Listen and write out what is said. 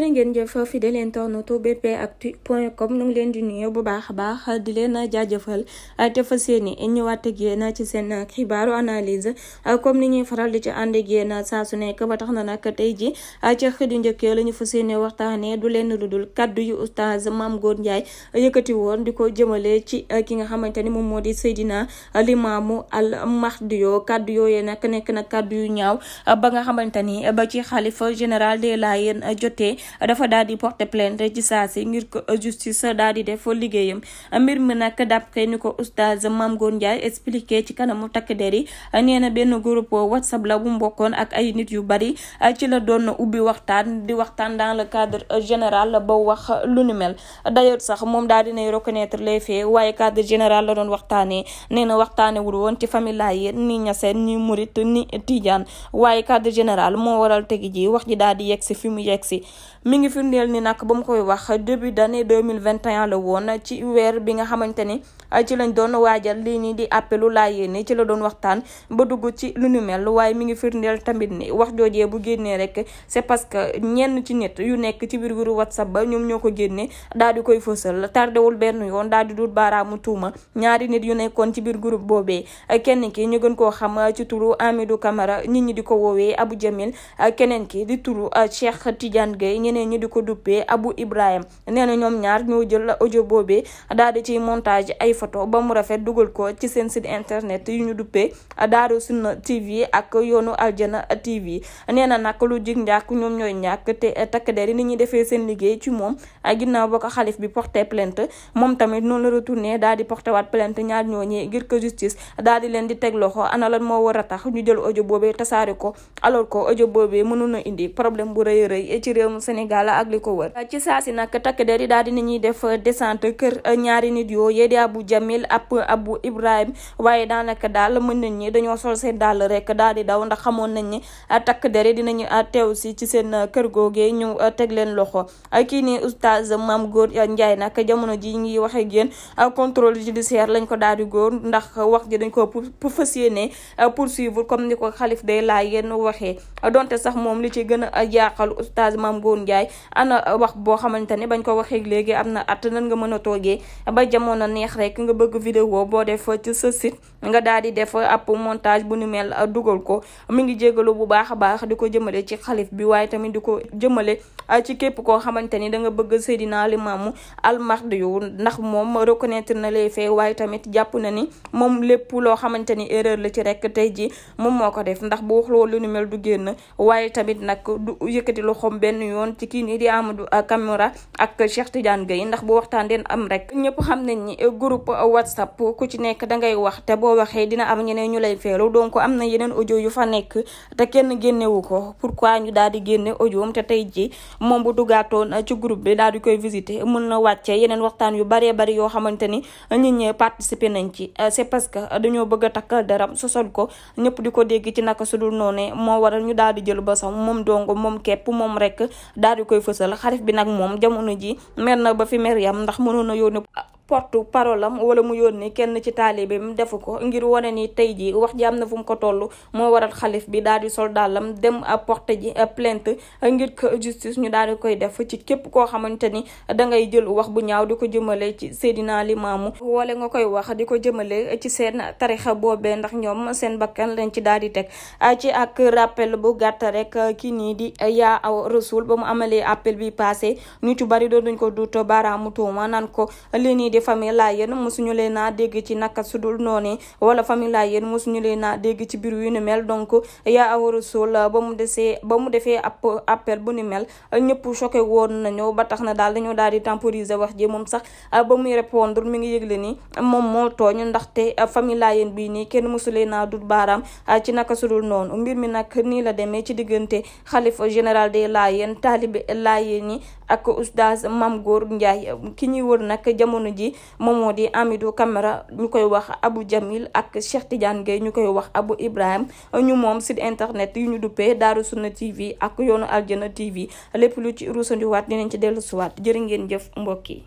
jërë ngeen jëf fidèle internaute bpactu.com nu ngi leen di nuyu bu baax a baax di leen jaajëfal te fas yéene ñëwaat ak yéen ci seen xibaaru analyse comme ni ñuy faral di ci ànd ak yéen saa su nekk ba tax na nag tey ji ci xëdu njëkk la ñu fas yéene waxtaanee du leen lu dul kaddu yu oustaz Mame Gor Ndiaye yëkkati woon di ko jëmale ci ki nga xamante ni moom moo di Seydina Limaamu Al Mahdi yoo kaddu yooyee nag nekk na kaddu yu ñaaw ba nga xamante ni ba ci xalifa général des Layènes jotee dafa daal di porter plainte ci saa si ngir ko justice daal di def liggéeyam mbir mi nag d'après ni ko oustaz Mame Gor Ndiaye expliqué ci kanamu takk der yi nee na benn groupe whatsapp la ak ay nit yu bari ci la doon ubbi waxtaan di waxtaan dans le cadre général ba wax lu ni mel d'ailleurs sax moom daal dinay reconnaître les faits waaye cadre général la doon waxtaanee nee na waxtaanewul woon ci famille Laayeen ni Ñaseen ni Murit ni Tijaan waaye cadre général moo waral tegi ji wax ji daal di yegg si fi mu yegg si mi ngi firndeel ni nag ba mu koy wax mille vingt 2021 la woon ci weer bi nga xamante ni ah, ci lañ doon waajal lii nii di appelu laa Laayeen ci la doon waxtaan ba dugg ci lu nu mel waaye mi ngi firndeel tamit ni wax joojee bu génnee rek c'est parce que ñenn ci nit yu nekk ci biir groupe WhatsApp ba ñoom ñoo ko génne daal di koy fësal tardewul benn yoon daal di dul baaraamu tuuma ñaari nit yu nekkoon ci biir groupe boobee kenn ki ñu gën koo xam ci turu Amidou Camara nit ñi di ko woowee Abou Jamil keneen ki di turu Cheikh Tidiane Gueye ñeneen ñi di ko duppee Abu Ibrahim nee na ñoom ñaar ñoo jël audio boobee daal di ciy montage ay foto ba mu rafet dugal ko ci seen site internet yu ñu duppee Daaru Sunna TV ak yoonu Aljana TV nee na nag lu jig njàkk ñoom ñooy ñàkk te takk der yi ni ñuy defee seen liggéey ci moom ginnaaw ba ko xalif bi porté plainte moom tamit noonu la retourné daal di porté waat plainte ñaar ñooñee ngir que justice daal di leen di teg loxo ana lan moo war a tax ñu jël audio boobee tasaare ko Sénégal ak li ko wër ci saa si nag takk der yi daal di nañuy def descente kër ñaari daanaka daal mën nañ ñi dañoo sol seen dàll rek daal di daw ndax xamoon nañ ni takk der yi dinañu teew si ci seen kër googee ñu teg leen loxo kii nii oustaz Mame Gor njaay nag jamono ji ngi waxee ak yéen contrôle judiciaire lañ ko daal di góor ndax wax ji dañ ko pour ne yéene poursuivre comme ni ko xalif day laa yenn waxee donte sax moom li ci gën a jaaxal oustaz Mame Gor Ndiaye ana wax boo xamante ne bañ koo waxee léegi am na at nan nga mën a toogee ba jamono neex rek nga bëgg vidéo boo def ci sa site nga daal di def ab montage bu nu mel dugal ko mu ngi jégalu bu baax a baax di ko jëmale ci xalif bi waaye tamit di ko jëmale ci képp koo xamante ni da nga bëgg Seydina Limaamu almardi yu ndax moom reconnaître na les faits waaye tamit jàpp na ni moom lépp loo xamante ni erreur la ci rek tey ji moom moo ko def ndax bu wax loolu lu nu du génn waaye tamit nag du benn yoon ci kii nii di Amadou Camara ak Cheikh Tidiane Gueye ndax bu waxtaan den am rek ñëpp xam nañ ni groupe whatsapp ku ci nekk da ngay wax te boo waxee dina am ñeneen ñu lay feelu donc am na yeneen audio yu fa nekk te kenn génnewu ko pourquoi ñu daal di génne audio am te tey ji moom bu duggaatoon ci groupe bi daal di koy visiter mën na wàcce yeneen waxtaan yu baree bari yoo xamante ni nit ñi participer nañ ci c'est parce que dañoo bëgg a takkal daram sosol ko ñëpp di ko dégg ci naka sudul noone moo waral ñu daal di jël ba moom dong moom képp daal di koy fësal xarif bi nag moom jamono mer na ba mer yam ndax mënoon a porte parole am wala mu yónni kenn ci taalibeem defu ko ngir wane ni tey ji wax jaam na fu mu ko toll moo waral xalif bi daal di sol dàllam dem porte ji plainte ngir que ñu daal di koy def ci képp koo xamante ni da ngay jël wax bu ñaaw di ko jëmalee ci Seydina Limaamu wala nga koy wax di ko jëmale ci seen tarixa boobee ndax ñoom seen bakkan lañ ci daal di teg ci ak rappel bu gàtt rek kii nii di yaa aw rasul ba mu amalee appel bi passé nit yu bari doon nañ ko duut baaraamu tuuma naan ko li nii di ji famille Laayeen mosuñu leen a dégg ci naka sudul noonu wala famille Laayeen mosuñu leen a dégg ci biir yu ni mel donc yaa Awa Rassoul ba mu desee ba mu defee ab appel bu ni mel ñëpp choqué woon na ñëw ba tax na daal dañoo daal di temporiser wax ji moom sax ba muy répondre mi ngi yëgle ni moom moo tooñ ndaxte famille Laayeen bii nii kenn mosu leen a dut baaraam ci naka sudul noonu mbir mi nag nii la demee ci diggante xalifa général des Laayeen taalibe Laayeen ak oustaz Mame bi moom moo di Amidou Camara ñu koy wax abu Jamil ak Cheikh Tidiane Gueye ñu koy wax abu Ibrahim ñu moom site internet yu ñu duppee Daaru Sunna TV ak yoonu Aljana TV lépp lu ci ñu dinañ ci dellusiwaat jërë ngeen jëf mbokk yi